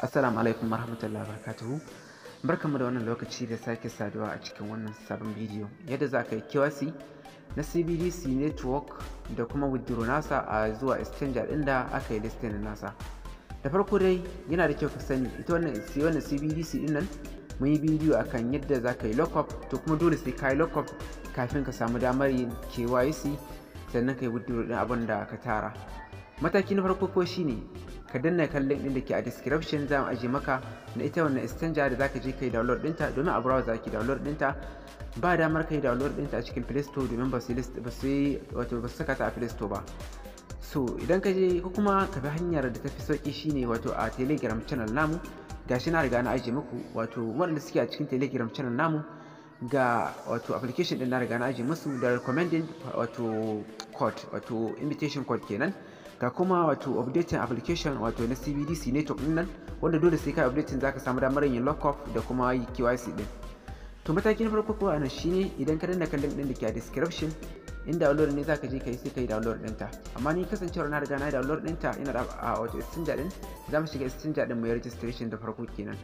Assalamu alaikum warahmatullahi wabarakatuhu. Barkanmu da wannan lokaci da sake saduwa a cikin wannan sabon bidiyo. Yadda za ka yi kiwasi na CBDC network da kuma withdraw nasa a zuwa exchange ɗin da aka yi listing nasa. Da farko dai yana da kyau ka sani ita wannan wannan CBDC din nan mun yi bidiyo akan yadda za ka yi lockup to kuma dole sai ka yi lockup kafin ka samu damar yin KYC sannan ka yi withdraw ɗin abin da ka tara. mataki na farko ko shine ka danna kan link din da ke a description za mu aje maka na ita wannan extender da zaka je kai download dinta domin a browser ki download dinta ba damar kai download dinta a cikin Play Store domin ba su ba su wato ba su saka ta a Play Store ba so idan ka je ko kuma ka bi hanyar da ta fi sauki shine wato a Telegram channel namu gashi na riga na aje muku wato wanda suke a cikin Telegram channel namu ga wato application din na riga na aje musu da recommended wato code wato invitation code kenan ka kuma wato updating application wato na cbdc network din nan wanda dole sai kai updating zaka samu damar yin up da kuma yi kyc din to mataki na farko kuwa anan shine idan ka danna kan link din da ke a description inda download ne zaka je kai sai kai download ta amma ni kasancewar na riga na download ta ina da wato exchange din zamu shiga exchange din mu registration da farko kenan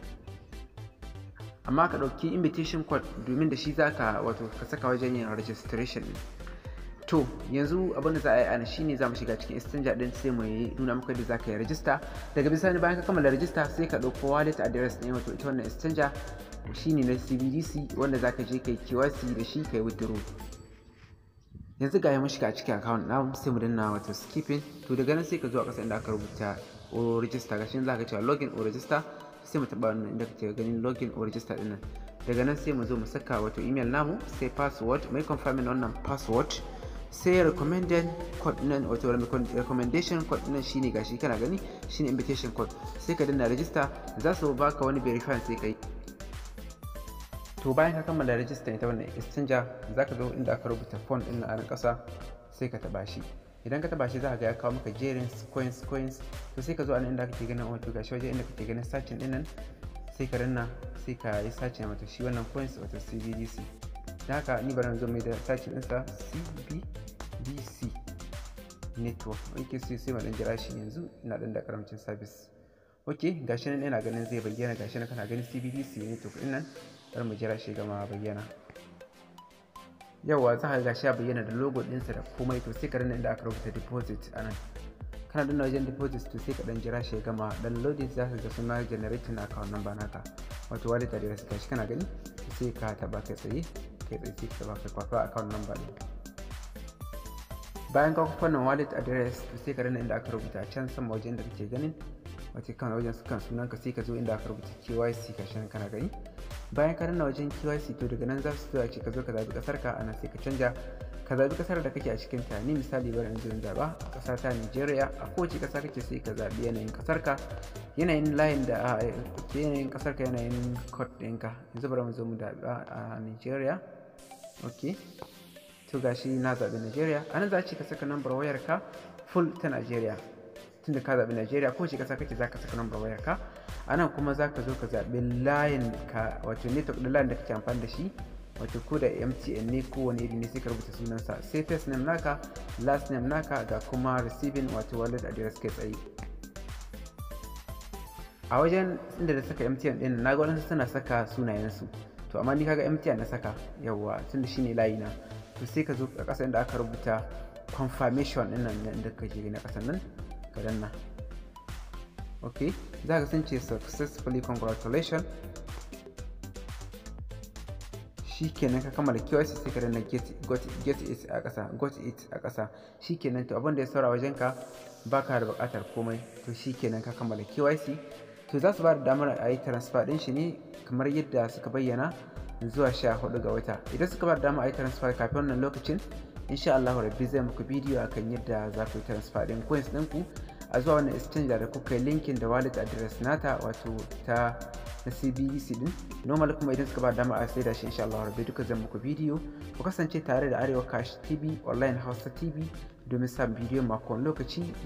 amma ka dauki invitation code domin da shi zaka wato ka saka wajen yin registration din to yanzu abin da za a yi ana shine za mu shiga cikin exchange din sai mu yi nuna maka yadda za ka yi rajista daga bisani bayan ka kammala rajista sai ka ɗauko wallet address ɗin wato ita wannan exchange shine na cbdc wanda za ka je ka yi kyc da shi ka yi withdraw yanzu ga mu shiga cikin account na sai mu danna wato skipping to daga nan sai ka zo a ƙasa inda aka rubuta o register gashin za ka cewa login o register sai mu taɓa wannan inda kake ganin login o register ɗin nan daga nan sai mu zo mu saka wato email namu sai password mai confirming wannan password sai recommended code nan wato recommendation code nan shine gashi kana gani shine invitation code sai ka danna register za su baka wani verify sai kai to bayan ka kammala register ita wannan exchanger za ka zo inda aka rubuta phone din a ran ƙasa sai ka taba shi idan ka taba shi za ka ga ya kawo maka jerin coins coins to sai ka zo a nan inda kake ganin wato gashi waje inda kake ganin searching din nan sai ka danna sai ka yi searching wato shi wannan coins wato CBDC da haka ni bari zo mai da searching sa CBDC dc network ok sai sai madan jira shi yanzu ina dan da karamcin service ok gashi nan ina ganin zai bayyana gashi nan kana ganin cbdc network din nan bari mu jira shi gama bayyana yawa za ka gashi ya bayyana da logo ɗinsa da komai to sai ka rinna inda aka rubuta deposit a nan kana danna wajen deposit to sai ka dan jira shi gama dan loading za ka ga suna generating account number naka wato wallet address gashi kana gani sai ka taba kai tsaye kai tsaye sai ka ba kai kwafa account number ɗin bayan ka kufa nan wallet address to sai ka rana inda aka rubuta can sama wajen da kake ganin wace kan wajen kan sunan ka sai ka zo inda aka rubuta KYC ka shan kana gani bayan ka rana wajen KYC to daga nan za su zo a ce ka zo ka zabi kasar ka ana sai ka canja ka zabi kasar da kake a cikin ta ni misali bari in zo in zaba kasa ta Nigeria a kowace kasa kake sai ka zabi yanayin kasar ka yanayin layin da ke yanayin kasar ka yanayin code ɗinka yanzu bari mu zo mu zaba a Nigeria okay to gashi na zaɓi Najeriya a nan za ka saka nambar wayarka full ta Najeriya tunda ka zaɓi Najeriya ko ka ƙasa kake za ka saka nambar wayarka a nan kuma za ka zo ka zaɓi layin ka wato network da layin da kake amfani da shi wato ko da MTN ne ko wani iri ne sai ka rubuta sunansa sai first name naka last name naka ga kuma receiving wato wallet address kai tsaye a wajen inda da saka MTN ɗin na ga suna saka sunayensu to amma ni kaga MTN na saka yawa da shine layi na to sai ka zo a ƙasa inda aka rubuta confirmation din nan ka je na kasan nan ka danna okay za ka sance ce successfully congratulations shikenan ka kammala KYC sai ka danna get it a ƙasa got it a ƙasa shikenan to abin da ya saura wajen ka baka da buƙatar komai to shikenan ka kammala KYC to za su ba da damar a yi transfer din shi ne kamar yadda suka bayyana zuwa hudu ga wata idan suka ba da dama a yi transfer kafin wannan lokacin insha Allah rabbi zai muku bidiyo akan yadda za ku yi transfer din coins ɗinku a zuwa wannan exchange da kuka yi linkin da wallet address nata wato ta na CBDC din e normal kuma idan suka ba dama a da shi insha Allah rabbi duka zan muku bidiyo ku kasance tare da Arewa Cash TV online house TV domin samun bidiyo makon lokaci